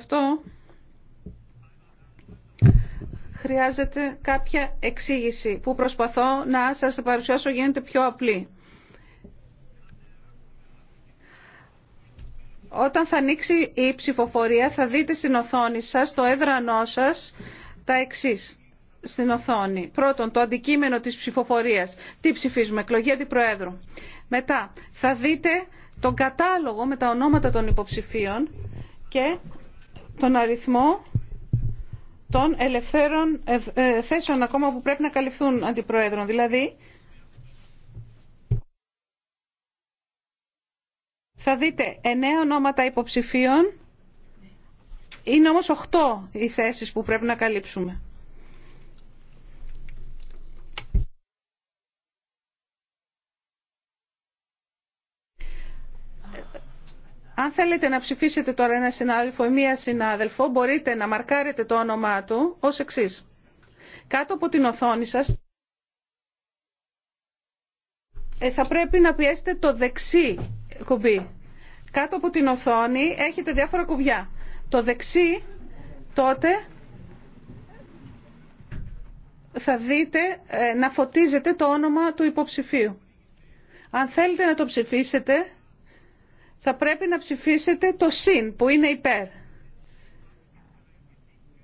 Αυτό χρειάζεται κάποια εξήγηση που προσπαθώ να σας παρουσιάσω γίνεται πιο απλή. Όταν θα ανοίξει η ψηφοφορία θα δείτε στην οθόνη σας, το έδρανό σας, τα εξής στην οθόνη. Πρώτον, το αντικείμενο της ψηφοφορίας. Τι ψηφίζουμε, εκλογή αντιπροέδρου. Μετά, θα δείτε τον κατάλογο με τα ονόματα των υποψηφίων και τον αριθμό των ελευθέρων ε, θέσεων ακόμα που πρέπει να καλυφθούν αντιπροέδρων. Δηλαδή, θα δείτε εννέα ονόματα υποψηφίων, είναι όμως οχτώ οι θέσεις που πρέπει να καλύψουμε. Αν θέλετε να ψηφίσετε τώρα ένα συνάδελφο ή μία συνάδελφο, μπορείτε να μαρκάρετε το όνομά του ως εξής. Κάτω από την οθόνη σας ε, θα πρέπει να πιέσετε το δεξί κουμπί. Κάτω από την οθόνη έχετε διάφορα κουμπιά. Το δεξί τότε θα δείτε ε, να φωτίζετε το όνομα του υποψηφίου. Αν θέλετε να το ψηφίσετε, θα πρέπει να ψηφίσετε το συν που είναι υπέρ.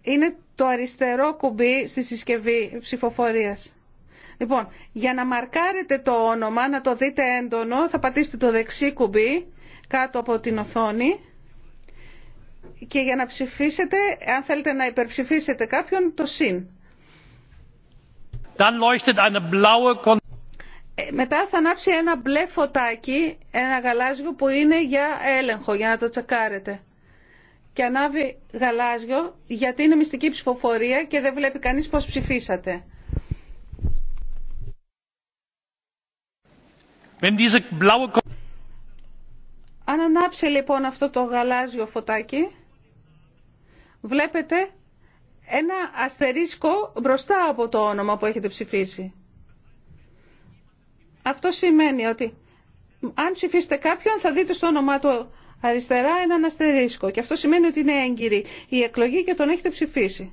Είναι το αριστερό κουμπί στη συσκευή ψηφοφορίας. Λοιπόν, για να μαρκάρετε το όνομα, να το δείτε έντονο, θα πατήσετε το δεξί κουμπί κάτω από την οθόνη και για να ψηφίσετε, αν θέλετε να υπερψηφίσετε κάποιον, το συν. Dann leuchtet eine blaue ε, μετά θα ανάψει ένα μπλε φωτάκι, ένα γαλάζιο που είναι για έλεγχο, για να το τσεκάρετε. Και ανάβει γαλάζιο γιατί είναι μυστική ψηφοφορία και δεν βλέπει κανείς πώς ψηφίσατε. Αν ανάψει λοιπόν αυτό το γαλάζιο φωτάκι, βλέπετε ένα αστερίσκο μπροστά από το όνομα που έχετε ψηφίσει. Αυτό σημαίνει ότι αν ψηφίσετε κάποιον θα δείτε στο όνομά του αριστερά έναν αστερίσκο. Και αυτό σημαίνει ότι είναι έγκυρη η εκλογή και τον έχετε ψηφίσει.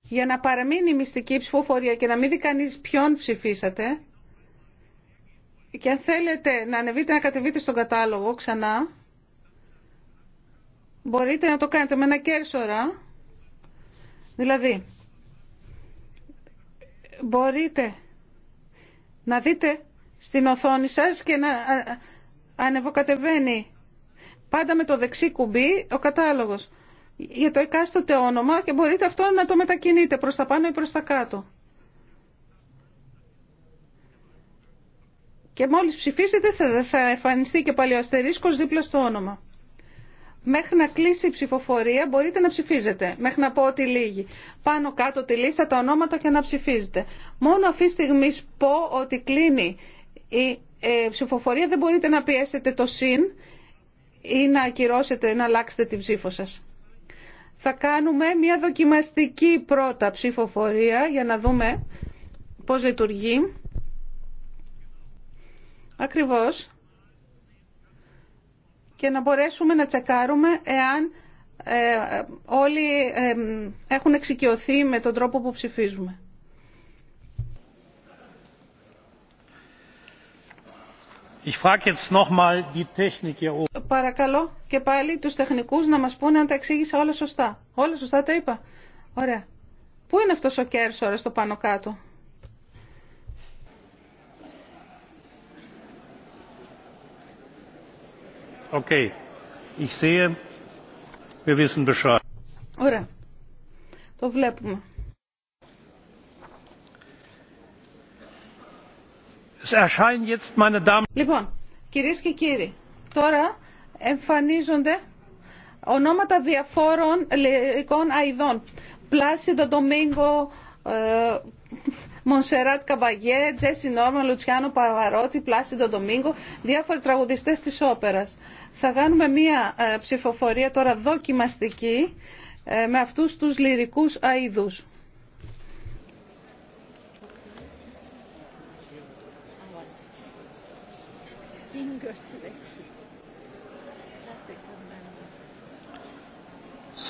Για να παραμείνει μυστική ψηφοφορία και να μην δει κανεί ποιον ψηφίσατε, και αν θέλετε να ανεβείτε να κατεβείτε στον κατάλογο ξανά, μπορείτε να το κάνετε με ένα κέρσορα. Δηλαδή, μπορείτε να δείτε στην οθόνη σας και να ανεβοκατεβαίνει πάντα με το δεξί κουμπί ο κατάλογος για το εκάστοτε όνομα και μπορείτε αυτό να το μετακινείτε προς τα πάνω ή προς τα κάτω. Και μόλις ψηφίσετε θα, θα εμφανιστεί και πάλι ο δίπλα στο όνομα. Μέχρι να κλείσει η ψηφοφορία μπορείτε να ψηφίζετε. Μέχρι να πω ότι λύγει Πάνω κάτω τη λίστα τα ονόματα και να ψηφίζετε. Μόνο αυτή τη στιγμή πω ότι κλείνει η ε, ψηφοφορία δεν μπορείτε να πιέσετε το συν ή να ακυρώσετε, να αλλάξετε την ψήφο σας. Θα κάνουμε μια δοκιμαστική πρώτα ψηφοφορία για να δούμε πώς λειτουργεί. Ακριβώς και να μπορέσουμε να τσεκάρουμε εάν ε, όλοι ε, έχουν εξοικειωθεί με τον τρόπο που ψηφίζουμε. Παρακαλώ και πάλι τους τεχνικούς να μας πούνε αν τα εξήγησα όλα σωστά. Όλα σωστά τα είπα. Ωραία. Πού είναι αυτός ο κέρσορας στο πάνω κάτω. Ωραία. Το βλέπουμε. Λοιπόν, κυρίες και κύριοι, τώρα εμφανίζονται ονόματα διαφόρων λαϊκών αειδών. Πλάσιντο Ντομίνγκο, ε, Μονσεράτ Καμπαγιέ, Τζέσι Νόρμα, Λουτσιάνο Παβαρότη, Πλάσιντο Ντομίνγκο, διάφοροι τραγουδιστές της όπερας. Θα κάνουμε μία ε, ψηφοφορία τώρα δοκιμαστική ε, με αυτούς τους λυρικούς αίδους.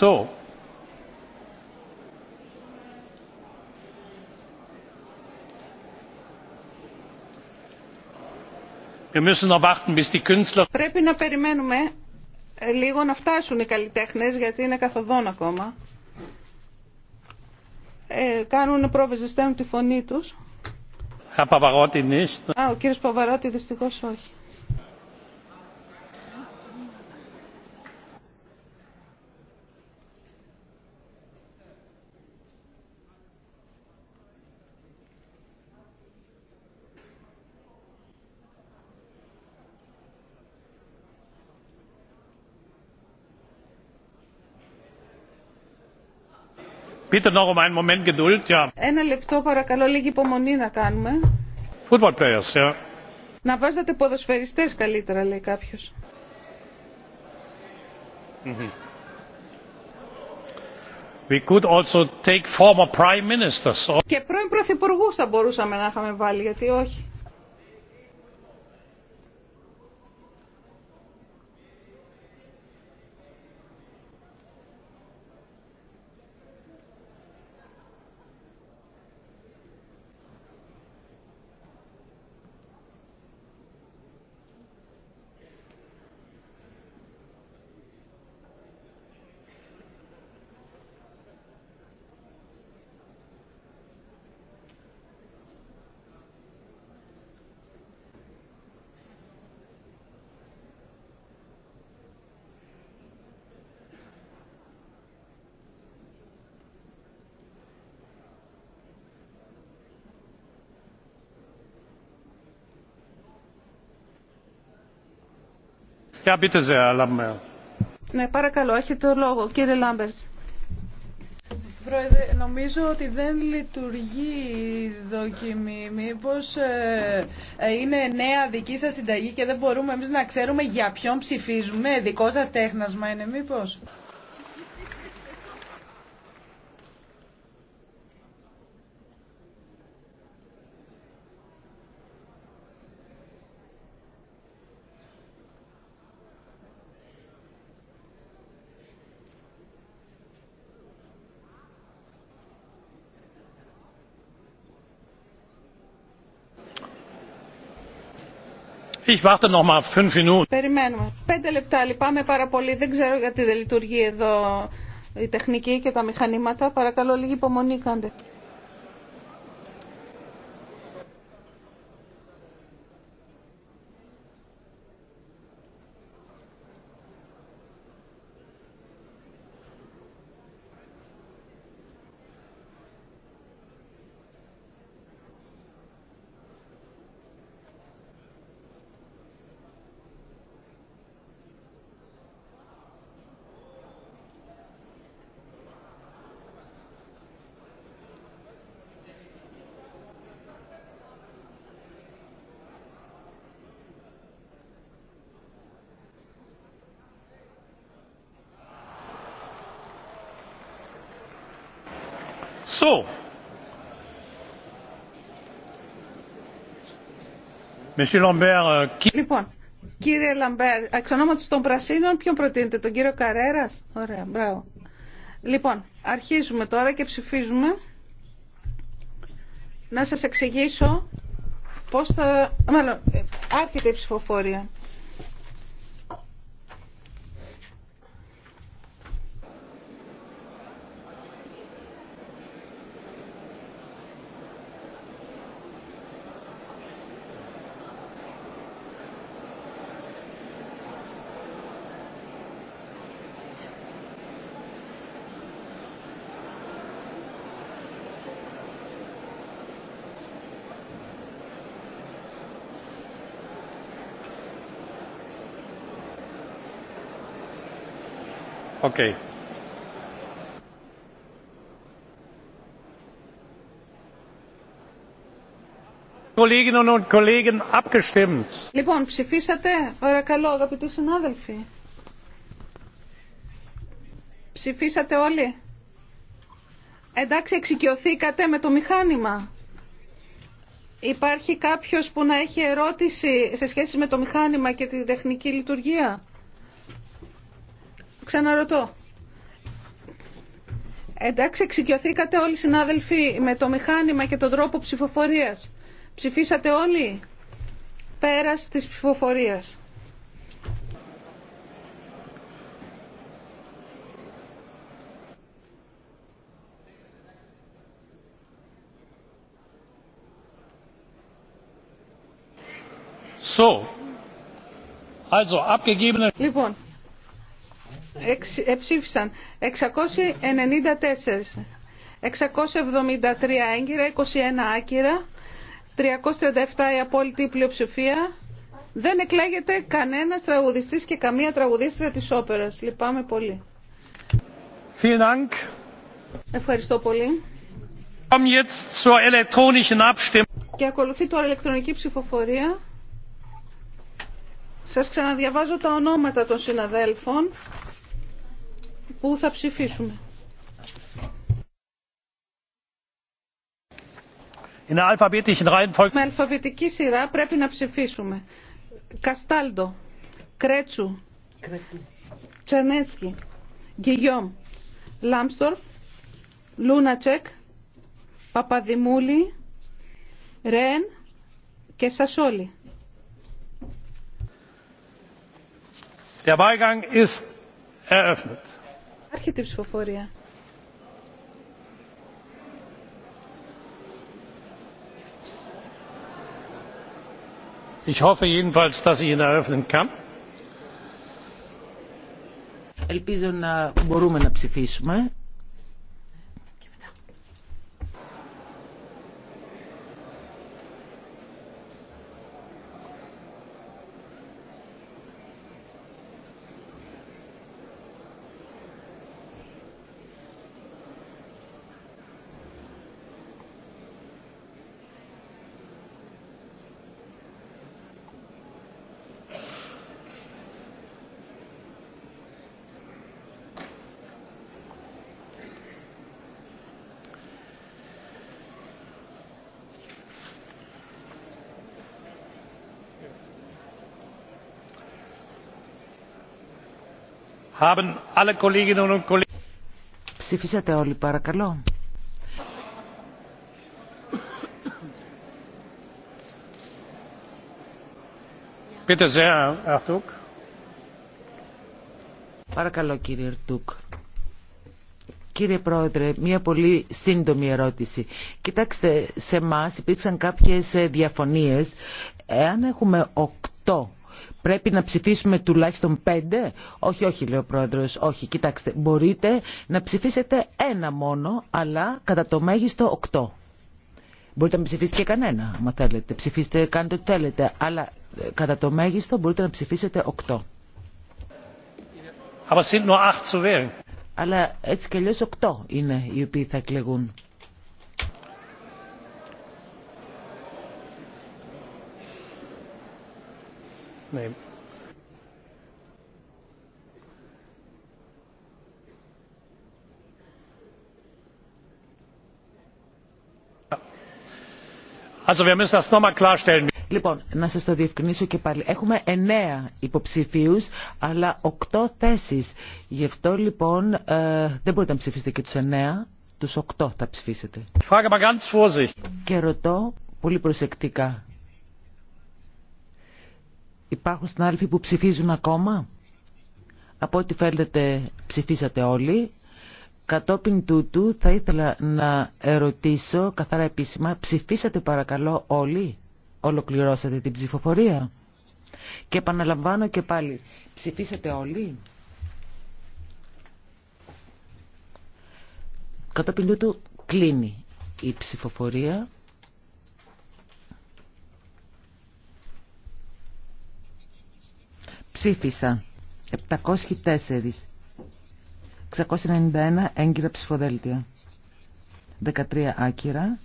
So, Πρέπει να περιμένουμε ε, λίγο να φτάσουν οι καλλιτέχνες γιατί είναι καθοδόν ακόμα. Ε, κάνουν πρόβες, ζεσταίνουν τη φωνή τους. ο κύριος Παπαρότη δυστυχώς όχι. Bitte noch um einen Moment Geduld, ja. Ένα λεπτό παρακαλώ λίγη υπομονή να κάνουμε. Football players, yeah. Να βάζετε ποδοσφαιριστές καλύτερα λέει κάποιος. Mm -hmm. We could also take former prime ministers. Και πρώην πρωθυπουργούς θα μπορούσαμε να είχαμε βάλει, γιατί όχι. ναι, παρακαλώ, έχετε το λόγο, κύριε Λάμπερτ. Πρόεδρε, νομίζω ότι δεν λειτουργεί η δοκιμή. μήπω ε, ε, είναι νέα δική σα συνταγή και δεν μπορούμε εμεί να ξέρουμε για ποιον ψηφίζουμε. Δικό σα τέχνασμα είναι μήπω. Ich warte noch mal Minuten. Περιμένουμε. Πέντε λεπτά. Λυπάμαι λοιπόν, πάρα πολύ. Δεν ξέρω γιατί δεν λειτουργεί εδώ η τεχνική και τα μηχανήματα. Παρακαλώ λίγη υπομονή κάντε. Euh, λοιπόν, κύριε Λαμπέρ, εξ ονόματος των Πρασίνων, ποιον προτείνετε, τον κύριο Καρέρας. Ωραία, μπράβο. Λοιπόν, αρχίζουμε τώρα και ψηφίζουμε. Να σας εξηγήσω πώς θα... Μάλλον, ε, άρχεται η ψηφοφορία. Okay. Λοιπόν, ψηφίσατε, παρακαλώ αγαπητοί συνάδελφοι. Ψηφίσατε όλοι. Εντάξει, εξοικειωθήκατε με το μηχάνημα. Υπάρχει κάποιος που να έχει ερώτηση σε σχέση με το μηχάνημα και την τεχνική λειτουργία. Ξαναρωτώ. Εντάξει, εξοικειωθήκατε όλοι οι συνάδελφοι με το μηχάνημα και τον τρόπο ψηφοφορίας. Ψηφίσατε όλοι πέρας της ψηφοφορίας. So, also Λοιπόν, Εψήφισαν 694, 673 έγκυρα, 21 άκυρα, 337 η απόλυτη πλειοψηφία. Δεν εκλέγεται κανένας τραγουδιστής και καμία τραγουδίστρια της όπερας. Λυπάμαι πολύ. Ευχαριστώ πολύ. Και ακολουθεί τώρα ηλεκτρονική ψηφοφορία. Σας ξαναδιαβάζω τα ονόματα των συναδέλφων που θα ψηφίσουμε. Με αλφαβητική σειρά πρέπει να ψηφίσουμε. Καστάλντο, Κρέτσου, Τσανέσκι, Γκυγιόμ, Λάμστορφ, Λούνατσεκ, Παπαδημούλη, Ρεν και Σασόλη. Άρχεται η ψηφοφορία. Ελπίζω να μπορούμε να ψηφίσουμε. Haben alle Kolleginnen und Kollegen. Ψηφίσατε όλοι παρακαλώ. Bitte sehr, Παρακαλώ κύριε Ερτούκ. Κύριε Πρόεδρε, μία πολύ σύντομη ερώτηση. Κοιτάξτε, σε εμά υπήρξαν κάποιες ε, διαφωνίες. Εάν έχουμε οκτώ Πρέπει να ψηφίσουμε τουλάχιστον πέντε. Όχι, όχι, λέει ο πρόεδρο. Όχι, κοιτάξτε. Μπορείτε να ψηφίσετε ένα μόνο, αλλά κατά το μέγιστο οκτώ. Μπορείτε να ψηφίσετε και κανένα, άμα θέλετε. Ψηφίστε, κάντε ό,τι θέλετε. Αλλά ε, κατά το μέγιστο μπορείτε να ψηφίσετε οκτώ. Αλλά έτσι κι αλλιώ οκτώ είναι οι οποίοι θα εκλεγούν. Ναι. Λοιπόν, να σας το διευκρινίσω και πάλι. Έχουμε εννέα υποψηφίους, αλλά οκτώ θέσεις. Γι' αυτό λοιπόν ε, δεν μπορείτε να ψηφίσετε και τους εννέα, τους οκτώ θα ψηφίσετε. Και ρωτώ πολύ προσεκτικά. Υπάρχουν συνάδελφοι που ψηφίζουν ακόμα. Από ό,τι φαίνεται ψηφίσατε όλοι. Κατόπιν τούτου θα ήθελα να ερωτήσω καθαρά επίσημα, ψηφίσατε παρακαλώ όλοι, ολοκληρώσατε την ψηφοφορία. Και επαναλαμβάνω και πάλι, ψηφίσατε όλοι. Κατόπιν τούτου κλείνει η ψηφοφορία. Ψήφισα. 704. 691 έγκυρα ψηφοδέλτια. 13 άκυρα.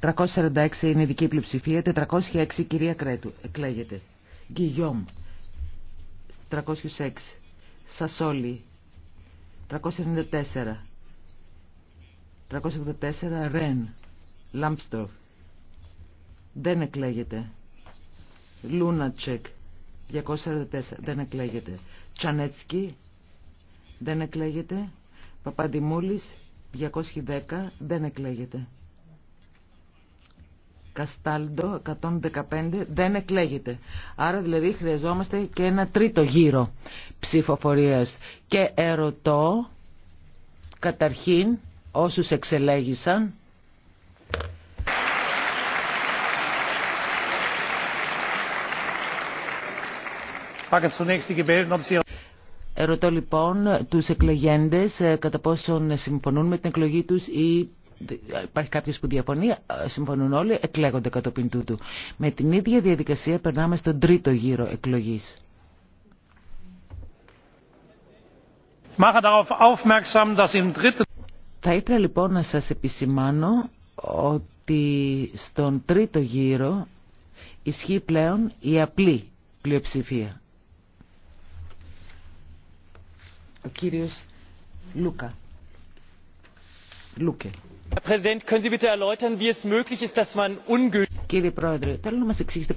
346 είναι δική πλειοψηφία. 406 κυρία Κρέτου. Εκλέγεται. Γκυγιόμ. 306. Σασόλη. 394. 384 Ρεν. Λάμπστροφ. Δεν εκλέγεται. Λούνατσεκ 244 δεν εκλέγεται. Τσανέτσκι δεν εκλέγεται. Παπαντιμούλης 210 δεν εκλέγεται. Καστάλντο 115 δεν εκλέγεται. Άρα δηλαδή χρειαζόμαστε και ένα τρίτο γύρο ψηφοφορίας. Και ερωτώ καταρχήν όσους εξελέγησαν Ερωτώ λοιπόν τους εκλεγέντες ε, κατά πόσον συμφωνούν με την εκλογή τους ή υπάρχει κάποιος που διαφωνεί, ε, συμφωνούν όλοι, εκλέγονται κατόπιν τούτου. Με την ίδια διαδικασία περνάμε στον τρίτο γύρο εκλογής. Θα ήθελα λοιπόν να σας επισημάνω ότι στον τρίτο γύρο ισχύει πλέον η απλή πλειοψηφία. Ο κύριος Λούκα. Λούκε. Κύριε Πρόεδρε, θέλω να μας εξηγήσετε